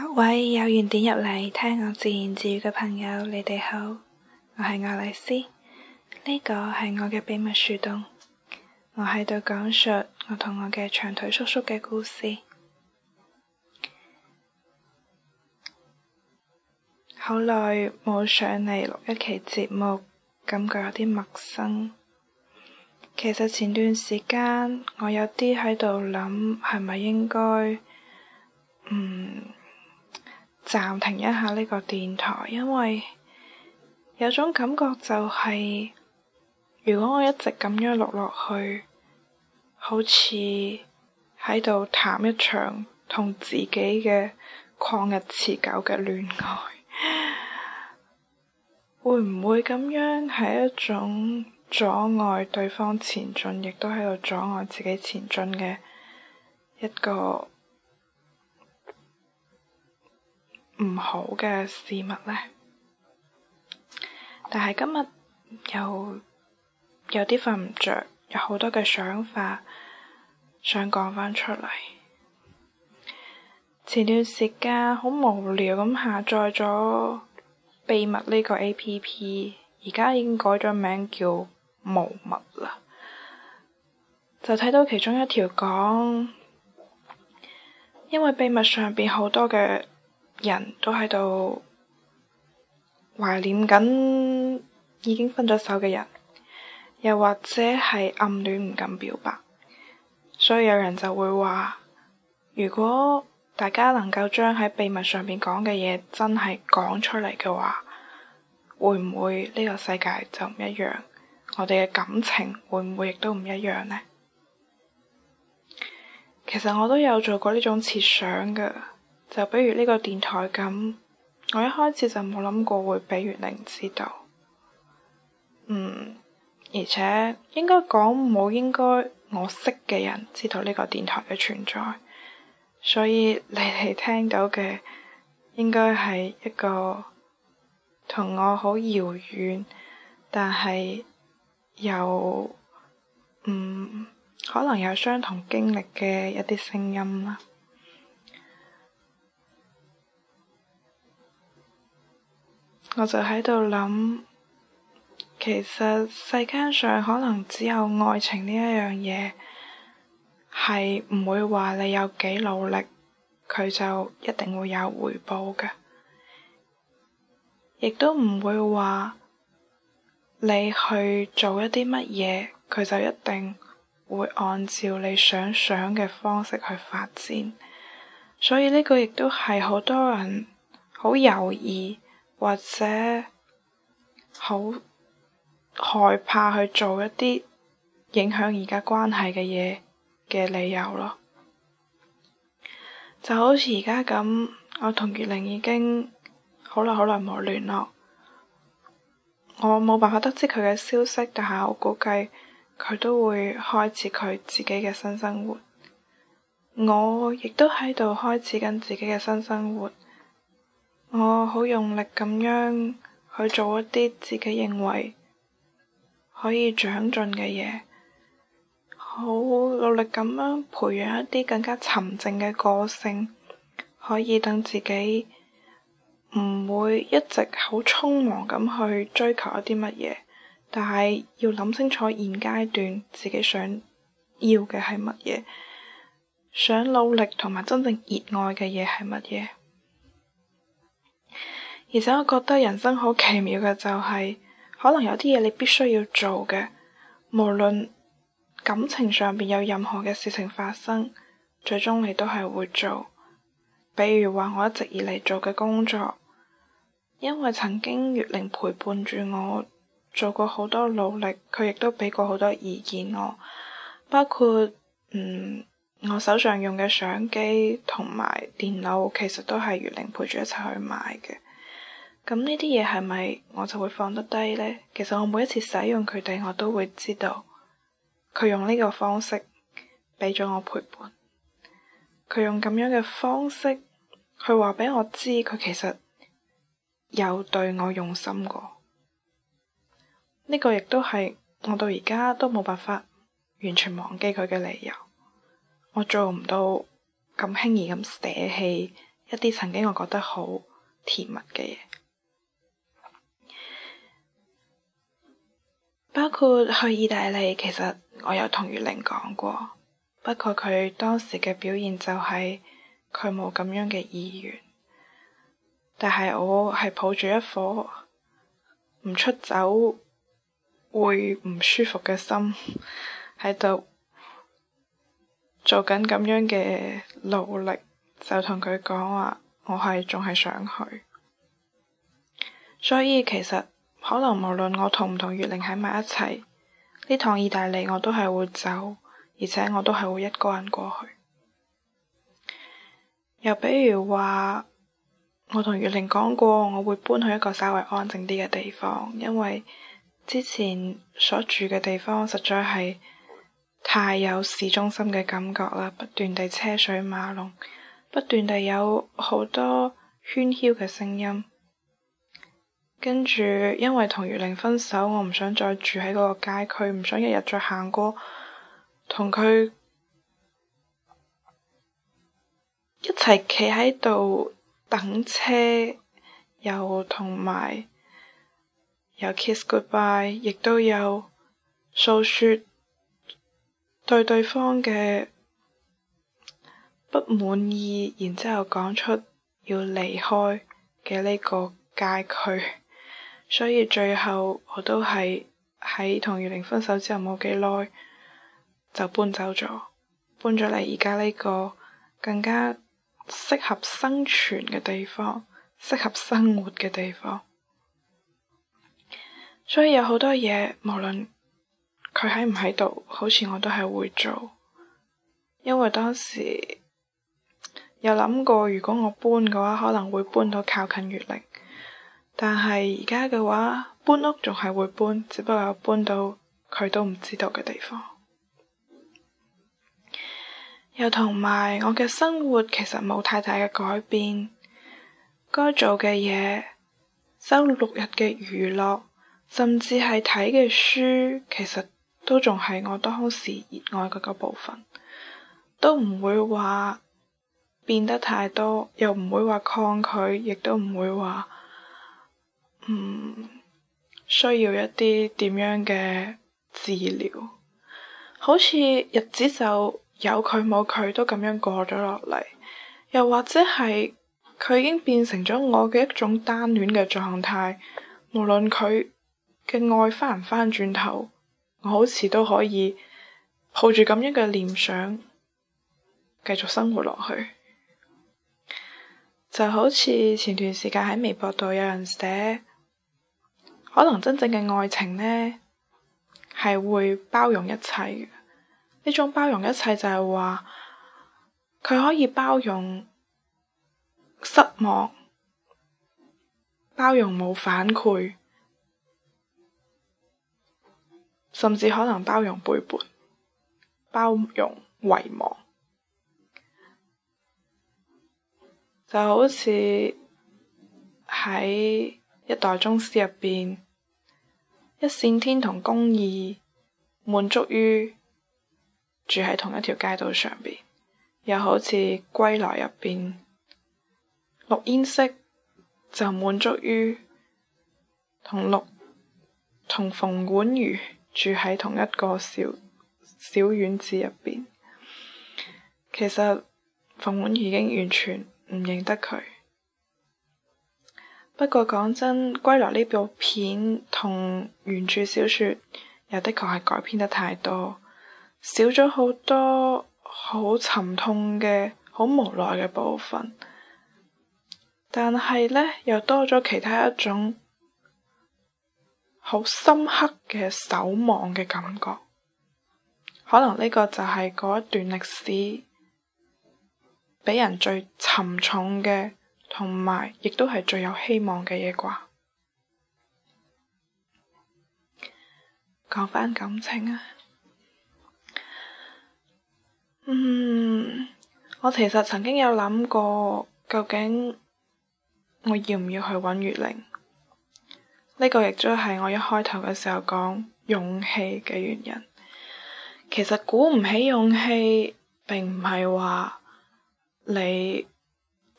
各位有緣點入嚟聽我自言自語嘅朋友，你哋好，我係愛麗絲。呢個係我嘅秘密樹洞，我喺度講述我同我嘅長腿叔叔嘅故事。好耐冇上嚟錄一期節目，感覺有啲陌生。其實前段時間我有啲喺度諗，係咪應該，嗯。暫停一下呢個電台，因為有種感覺就係、是，如果我一直咁樣錄落去，好似喺度談一場同自己嘅曠日持久嘅戀愛，會唔會咁樣係一種阻礙對方前進，亦都喺度阻礙自己前進嘅一個。唔好嘅事物呢，但係今日又有啲瞓唔着，有好多嘅想法想講翻出嚟。前段時間好無聊咁下載咗秘密呢個 App，而家已經改咗名叫無密啦。就睇到其中一條講，因為秘密上邊好多嘅。人都喺度懷念緊已經分咗手嘅人，又或者係暗戀唔敢表白，所以有人就會話：如果大家能夠將喺秘密上面講嘅嘢真係講出嚟嘅話，會唔會呢個世界就唔一樣？我哋嘅感情會唔會亦都唔一樣呢？其實我都有做過呢種設想㗎。就比如呢個電台咁，我一開始就冇諗過會畀月玲知道。嗯，而且應該講冇應該我識嘅人知道呢個電台嘅存在，所以你哋聽到嘅應該係一個同我好遙遠，但係又嗯可能有相同經歷嘅一啲聲音啦。我就喺度諗，其實世間上可能只有愛情呢一樣嘢係唔會話你有幾努力，佢就一定會有回報嘅，亦都唔會話你去做一啲乜嘢，佢就一定會按照你想想嘅方式去發展。所以呢個亦都係好多人好猶豫。或者好害怕去做一啲影響而家關係嘅嘢嘅理由咯，就好似而家咁，我同月玲已經好耐好耐冇聯絡，我冇辦法得知佢嘅消息，但係我估計佢都會開始佢自己嘅新生活，我亦都喺度開始緊自己嘅新生活。我好用力咁樣去做一啲自己認為可以長進嘅嘢，好努力咁樣培養一啲更加沉靜嘅個性，可以等自己唔會一直好匆忙咁去追求一啲乜嘢，但係要諗清楚現階段自己想要嘅係乜嘢，想努力同埋真正熱愛嘅嘢係乜嘢。而且我覺得人生好奇妙嘅就係、是，可能有啲嘢你必須要做嘅，無論感情上邊有任何嘅事情發生，最終你都係會做。比如話我一直以嚟做嘅工作，因為曾經月玲陪伴住我，做過好多努力，佢亦都俾過好多意見我。包括嗯，我手上用嘅相機同埋電腦，其實都係月玲陪住一齊去買嘅。咁呢啲嘢係咪我就會放得低咧？其實我每一次使用佢哋，我都會知道佢用呢個方式俾咗我陪伴。佢用咁樣嘅方式，佢話俾我知佢其實有對我用心過。呢個亦都係我到而家都冇辦法完全忘記佢嘅理由。我做唔到咁輕易咁捨棄一啲曾經我覺得好甜蜜嘅嘢。包括去意大利，其實我有同月玲講過，不過佢當時嘅表現就係佢冇咁樣嘅意願，但係我係抱住一顆唔出走會唔舒服嘅心喺度做緊咁樣嘅努力，就同佢講話我係仲係想去，所以其實。可能無論我同唔同月玲喺埋一齊，呢趟意大利我都係會走，而且我都係會一個人過去。又比如話，我同月玲講過，我會搬去一個稍微安靜啲嘅地方，因為之前所住嘅地方實在係太有市中心嘅感覺啦，不斷地車水馬龍，不斷地有好多喧囂嘅聲音。跟住，因為同月玲分手，我唔想再住喺嗰個街區，唔想日日再行過同佢一齊企喺度等車，又同埋又 kiss goodbye，亦都有訴說對對方嘅不滿意，然之後講出要離開嘅呢個街區。所以最後我都係喺同月玲分手之後冇幾耐就搬走咗，搬咗嚟而家呢個更加適合生存嘅地方，適合生活嘅地方。所以有好多嘢，無論佢喺唔喺度，好似我都係會做，因為當時有諗過，如果我搬嘅話，可能會搬到靠近月玲。但係而家嘅話，搬屋仲係會搬，只不過搬到佢都唔知道嘅地方。又同埋我嘅生活其實冇太大嘅改變，該做嘅嘢，周六日嘅娛樂，甚至係睇嘅書，其實都仲係我當時熱愛嘅個部分，都唔會話變得太多，又唔會話抗拒，亦都唔會話。嗯，需要一啲點樣嘅治療？好似日子就有佢冇佢都咁樣過咗落嚟，又或者係佢已經變成咗我嘅一種單戀嘅狀態，無論佢嘅愛翻唔翻轉頭，我好似都可以抱住咁樣嘅念想繼續生活落去，就好似前段時間喺微博度有人寫。可能真正嘅愛情呢，係會包容一切嘅。呢種包容一切就係話，佢可以包容失望，包容冇反饋，甚至可能包容背叛、包容遺忘，就好似喺～一代宗師入邊，一線天同宮二滿足於住喺同一條街道上邊，又好似歸來入邊，陸焉識就滿足於同陸同馮婉瑜住喺同一個小小院子入邊。其實馮婉瑜已經完全唔認得佢。不過講真，《歸來》呢部片同原著小說，又的確係改編得太多，少咗好多好沉痛嘅、好無奈嘅部分。但係呢，又多咗其他一種好深刻嘅守望嘅感覺。可能呢個就係嗰一段歷史俾人最沉重嘅。同埋，亦都係最有希望嘅嘢啩。講返感情啊，嗯，我其實曾經有諗過，究竟我要唔要去揾月玲？呢個亦都係我一開頭嘅時候講勇氣嘅原因。其實鼓唔起勇氣，並唔係話你。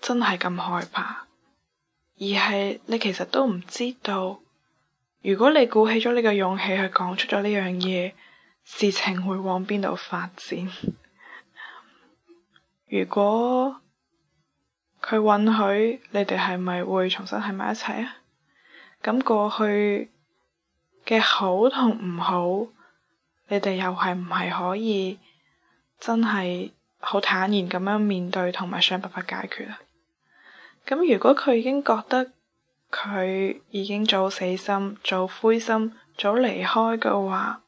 真係咁害怕，而係你其實都唔知道，如果你鼓起咗你嘅勇氣去講出咗呢樣嘢，事情會往邊度發展？ 如果佢允許你哋，係咪會重新喺埋一齊啊？咁過去嘅好同唔好，你哋又係唔係可以真係好坦然咁樣面對，同埋想辦法解決啊？咁如果佢已經覺得佢已經早死心，早灰心，早離開嘅話，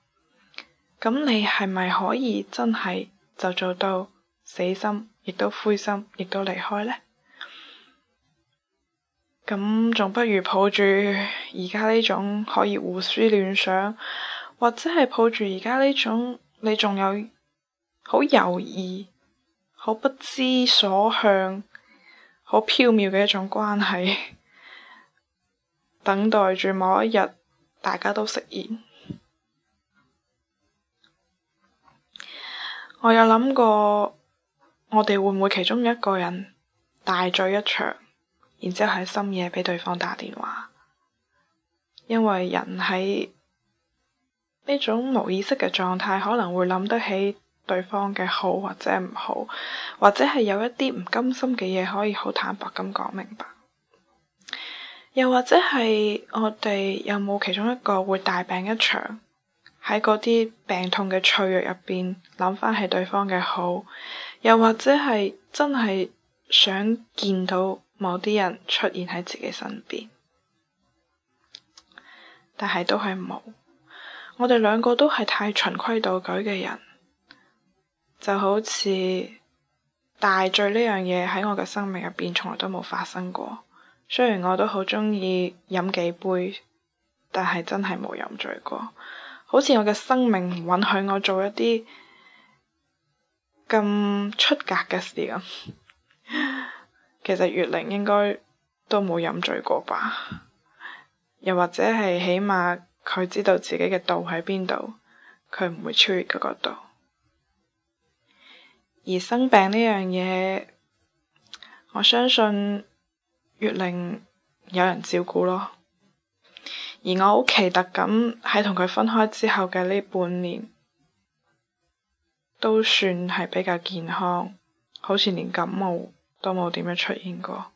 咁你係咪可以真係就做到死心，亦都灰心，亦都離開呢？咁仲不如抱住而家呢種可以胡思亂想，或者係抱住而家呢種你仲有好猶豫、好不知所向。好縹緲嘅一種關係， 等待住某一日大家都釋然。我有諗過，我哋會唔會其中一個人大醉一場，然之後喺深夜俾對方打電話？因為人喺呢種無意識嘅狀態，可能會諗得起。對方嘅好或者唔好，或者係有一啲唔甘心嘅嘢，可以好坦白咁講明白。又或者係我哋有冇其中一個會大病一場，喺嗰啲病痛嘅脆弱入邊諗翻起對方嘅好，又或者係真係想見到某啲人出現喺自己身邊，但係都係冇。我哋兩個都係太循規蹈矩嘅人。就好似大醉呢樣嘢，喺我嘅生命入邊從來都冇發生過，雖然我都好鍾意飲幾杯，但係真係冇飲醉過。好似我嘅生命唔允許我做一啲咁出格嘅事咁。 其實月玲應該都冇飲醉過吧？又或者係起碼佢知道自己嘅度喺邊度，佢唔會超越佢個度。而生病呢樣嘢，我相信月令有人照顧咯。而我好奇特咁，喺同佢分開之後嘅呢半年，都算係比較健康，好似連感冒都冇點樣出現過。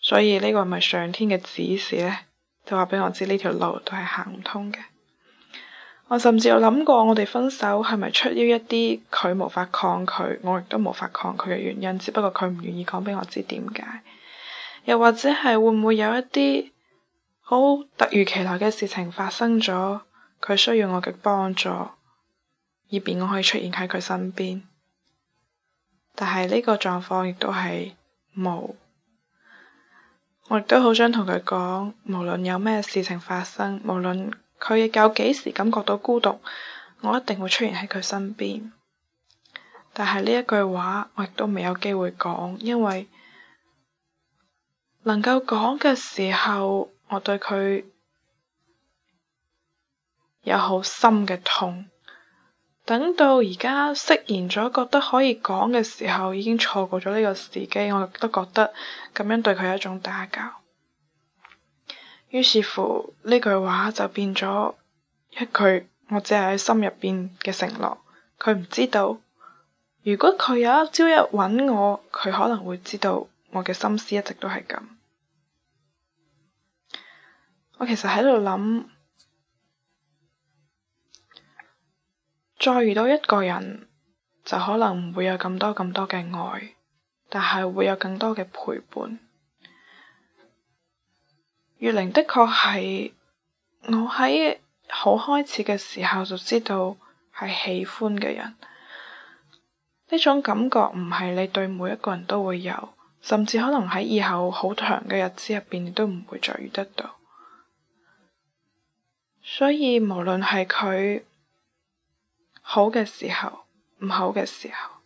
所以呢個唔係上天嘅指示咧？就話俾我知呢條路都係行唔通嘅。我甚至有諗過，我哋分手係咪出於一啲佢無法抗拒，我亦都無法抗拒嘅原因？只不過佢唔願意講俾我知點解，又或者係會唔會有一啲好突如其來嘅事情發生咗，佢需要我嘅幫助，以便我可以出現喺佢身邊？但係呢個狀況亦都係冇，我亦都好想同佢講，無論有咩事情發生，無論。佢又幾時感覺到孤獨，我一定會出現喺佢身邊。但係呢一句話，我亦都未有機會講，因為能夠講嘅時候，我對佢有好深嘅痛。等到而家釋然咗，覺得可以講嘅時候，已經錯過咗呢個時機，我亦都覺得咁樣對佢係一種打攪。於是乎，呢句話就變咗一句我只係喺心入邊嘅承諾。佢唔知道，如果佢有朝一日揾我，佢可能會知道我嘅心思一直都係咁。我其實喺度諗，再遇到一個人，就可能唔會有咁多咁多嘅愛，但係會有更多嘅陪伴。月玲的確係我喺好開始嘅時候就知道係喜歡嘅人，呢種感覺唔係你對每一個人都會有，甚至可能喺以後好長嘅日子入邊，你都唔會再遇得到。所以無論係佢好嘅時候，唔好嘅時候，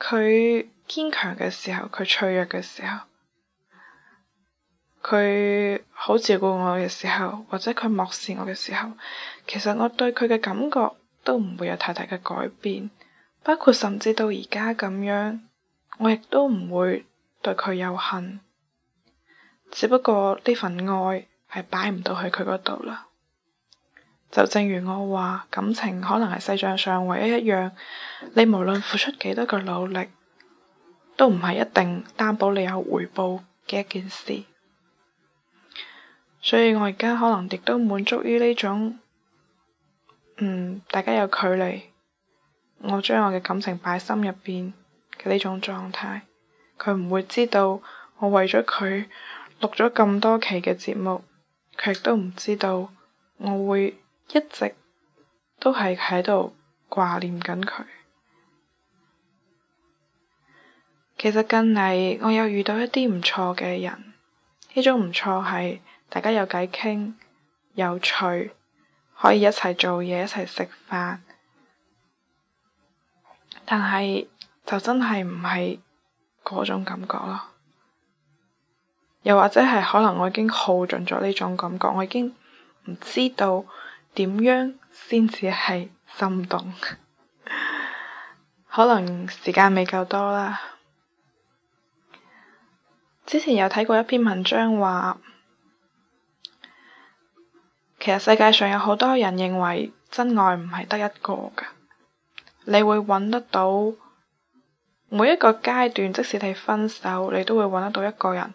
佢堅強嘅時候，佢脆弱嘅時候。佢好照顧我嘅時候，或者佢漠視我嘅時候，其實我對佢嘅感覺都唔會有太大嘅改變，包括甚至到而家咁樣，我亦都唔會對佢有恨，只不過呢份愛係擺唔到去佢嗰度啦。就正如我話，感情可能係世界上唯一一樣，你無論付出幾多嘅努力，都唔係一定擔保你有回報嘅一件事。所以我而家可能亦都滿足於呢種，嗯，大家有距離，我將我嘅感情擺心入邊嘅呢種狀態，佢唔會知道我為咗佢錄咗咁多期嘅節目，佢亦都唔知道我會一直都係喺度掛念緊佢。其實近嚟我有遇到一啲唔錯嘅人，呢種唔錯係。大家有偈傾，有趣，可以一齊做嘢，一齊食飯。但係就真係唔係嗰種感覺咯。又或者係可能我已經耗盡咗呢種感覺，我已經唔知道點樣先至係心動。可能時間未夠多啦。之前有睇過一篇文章話，其實世界上有好多人認為真愛唔係得一個㗎，你會揾得到每一個階段，即使係分手，你都會揾得到一個人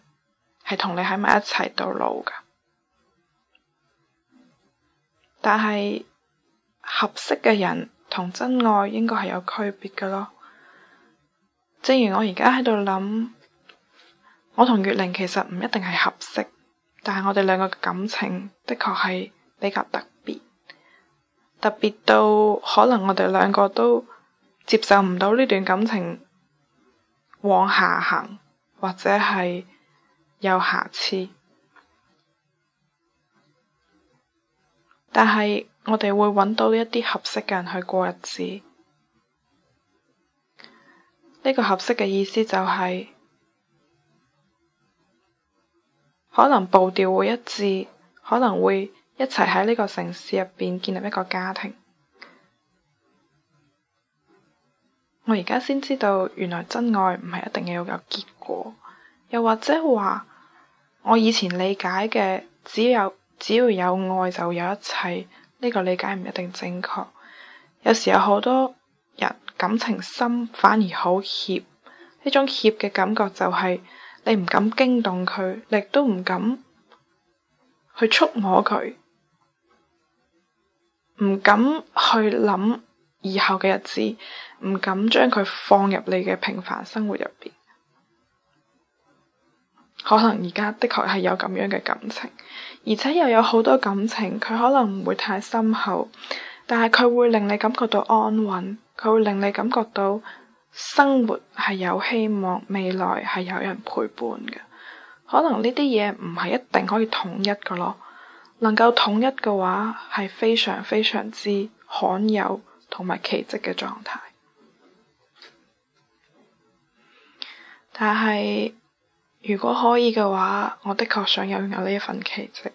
係同你喺埋一齊到老㗎。但係合適嘅人同真愛應該係有區別㗎咯。正如我而家喺度諗，我同月玲其實唔一定係合適，但係我哋兩個嘅感情的確係。比較特別，特別到可能我哋兩個都接受唔到呢段感情往下行，或者係有瑕疵。但係我哋會揾到一啲合適嘅人去過日子。呢個合適嘅意思就係，可能步調會一致，可能會。一齊喺呢個城市入邊建立一個家庭。我而家先知道，原來真愛唔係一定要有結果。又或者話，我以前理解嘅只有只要有愛就有一切，呢個理解唔一定正確。有時候有好多人感情深反而好怯，呢種怯嘅感覺就係你唔敢驚動佢，你都唔敢去觸摸佢。唔敢去諗以後嘅日子，唔敢將佢放入你嘅平凡生活入邊。可能而家的確係有咁樣嘅感情，而且又有好多感情，佢可能唔會太深厚，但係佢會令你感覺到安穩，佢會令你感覺到生活係有希望，未來係有人陪伴嘅。可能呢啲嘢唔係一定可以統一噶咯。能夠統一嘅話，係非常非常之罕有同埋奇蹟嘅狀態。但係，如果可以嘅話，我的確想擁有呢一份奇蹟。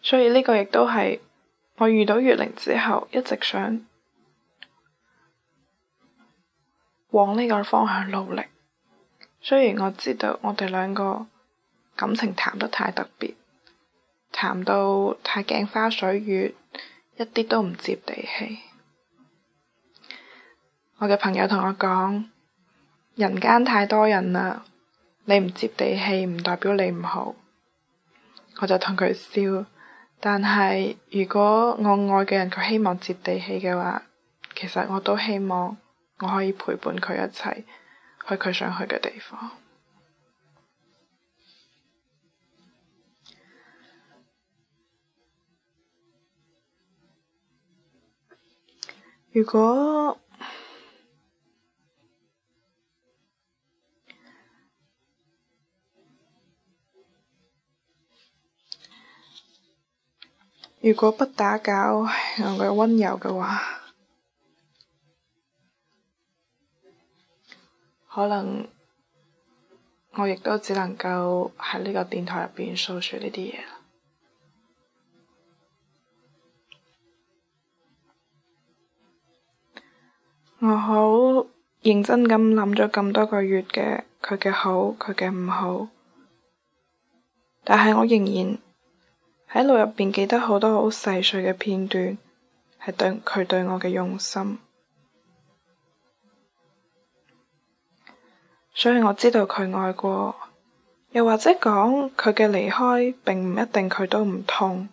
所以呢個亦都係我遇到月玲之後，一直想往呢個方向努力。雖然我知道我哋兩個感情談得太特別。談到太鏡花水月，一啲都唔接地氣。我嘅朋友同我講：人間太多人啦，你唔接地氣唔代表你唔好。我就同佢笑。但係如果我愛嘅人佢希望接地氣嘅話，其實我都希望我可以陪伴佢一齊去佢想去嘅地方。如果如果不打攪我嘅溫柔嘅話，可能我亦都只能夠喺呢個電台入邊訴說呢啲嘢。我好認真咁諗咗咁多個月嘅佢嘅好，佢嘅唔好，但係我仍然喺腦入邊記得好多好細碎嘅片段，係對佢對我嘅用心，所以我知道佢愛過，又或者講佢嘅離開，並唔一定佢都唔痛，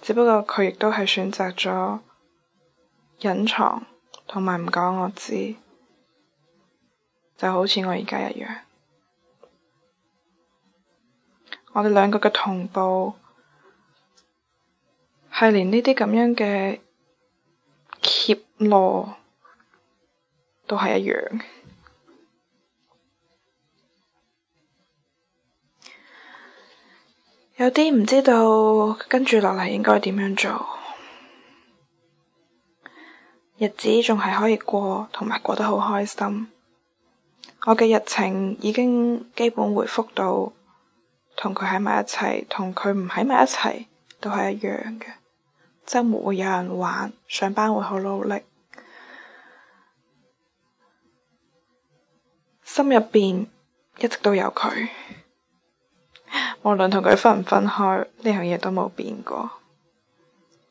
只不過佢亦都係選擇咗。隱藏同埋唔講我知，就好似我而家一樣。我哋兩個嘅同步係連呢啲咁樣嘅怯懦都係一樣。有啲唔知道跟住落嚟應該點樣做。日子仲係可以過，同埋過得好開心。我嘅日程已經基本恢復到同佢喺埋一齊，同佢唔喺埋一齊都係一樣嘅。周末會有人玩，上班會好努力。心入邊一直都有佢，無論同佢分唔分開，呢樣嘢都冇變過。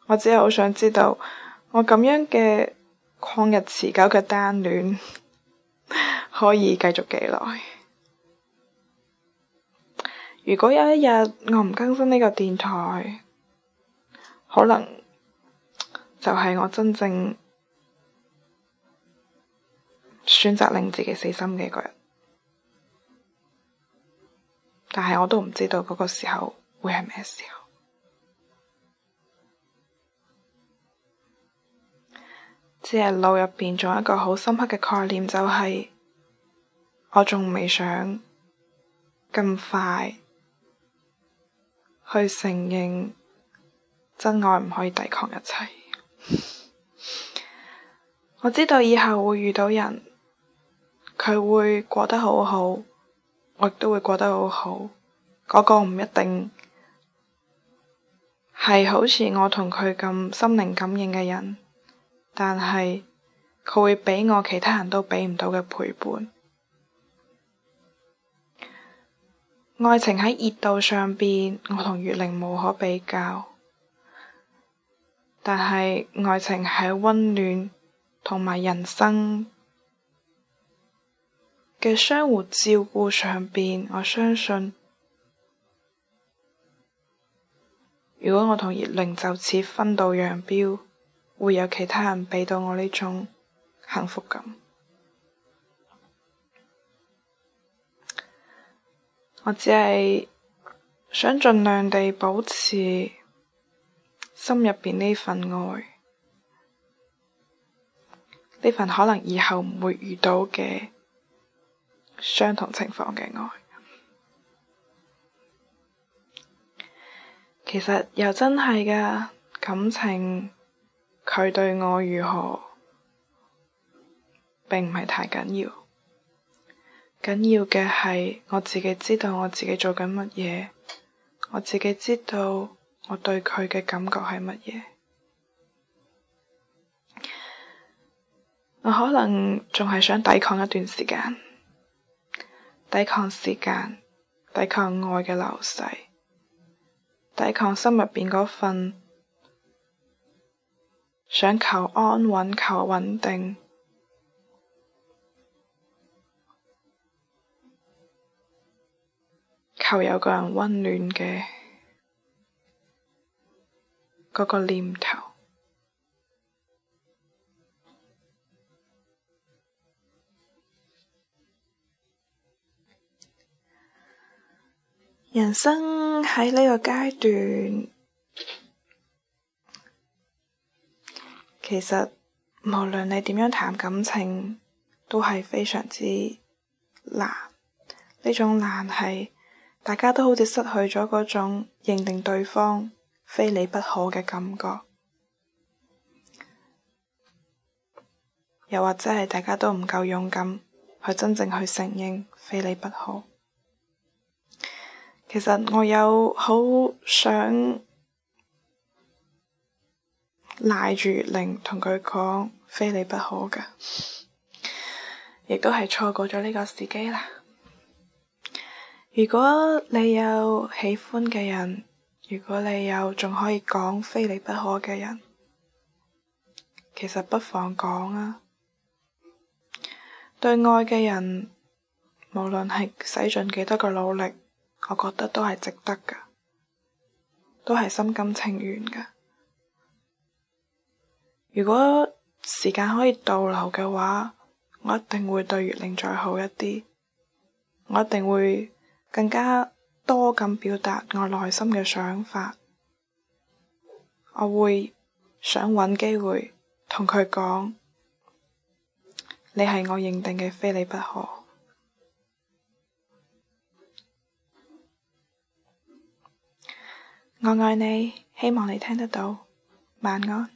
我只係好想知道，我咁樣嘅。曠日持久嘅單戀可以繼續幾耐？如果有一日我唔更新呢個電台，可能就係我真正選擇令自己死心嘅一個人。但係我都唔知道嗰個時候會係咩時候。只係腦入邊仲有一個好深刻嘅概念，就係、是、我仲未想咁快去承認真愛唔可以抵抗一切。 我知道以後會遇到人，佢會過得好好，我亦都會過得好好。嗰、那個唔一定係好似我同佢咁心靈感應嘅人。但係佢會畀我其他人都畀唔到嘅陪伴。愛情喺熱度上邊，我同月玲無可比較。但係愛情喺溫暖同埋人生嘅相互照顧上邊，我相信，如果我同月玲就此分道揚鑣，會有其他人畀到我呢種幸福感，我只係想盡量地保持心入邊呢份愛，呢份可能以後唔會遇到嘅相同情況嘅愛，其實又真係㗎，感情。佢對我如何，並唔係太緊要，緊要嘅係我自己知道我自己做緊乜嘢，我自己知道我對佢嘅感覺係乜嘢，我可能仲係想抵抗一段時間，抵抗時間，抵抗愛嘅流逝，抵抗心入邊嗰份。想求安穩，求穩定，求有個人溫暖嘅嗰個念頭。人生喺呢個階段。其實，無論你點樣談感情，都係非常之難。呢種難係大家都好似失去咗嗰種認定對方非你不可嘅感覺，又或者係大家都唔夠勇敢去真正去承認非你不可。其實，我有好想。賴住令同佢講非你不可噶，亦都係錯過咗呢個時機啦。如果你有喜歡嘅人，如果你有仲可以講非你不可嘅人，其實不妨講啊。對愛嘅人，無論係使盡幾多嘅努力，我覺得都係值得噶，都係心甘情願噶。如果時間可以倒流嘅話，我一定會對月玲再好一啲。我一定會更加多咁表達我內心嘅想法。我會想搵機會同佢講，你係我認定嘅非你不可。我愛你，希望你聽得到。晚安。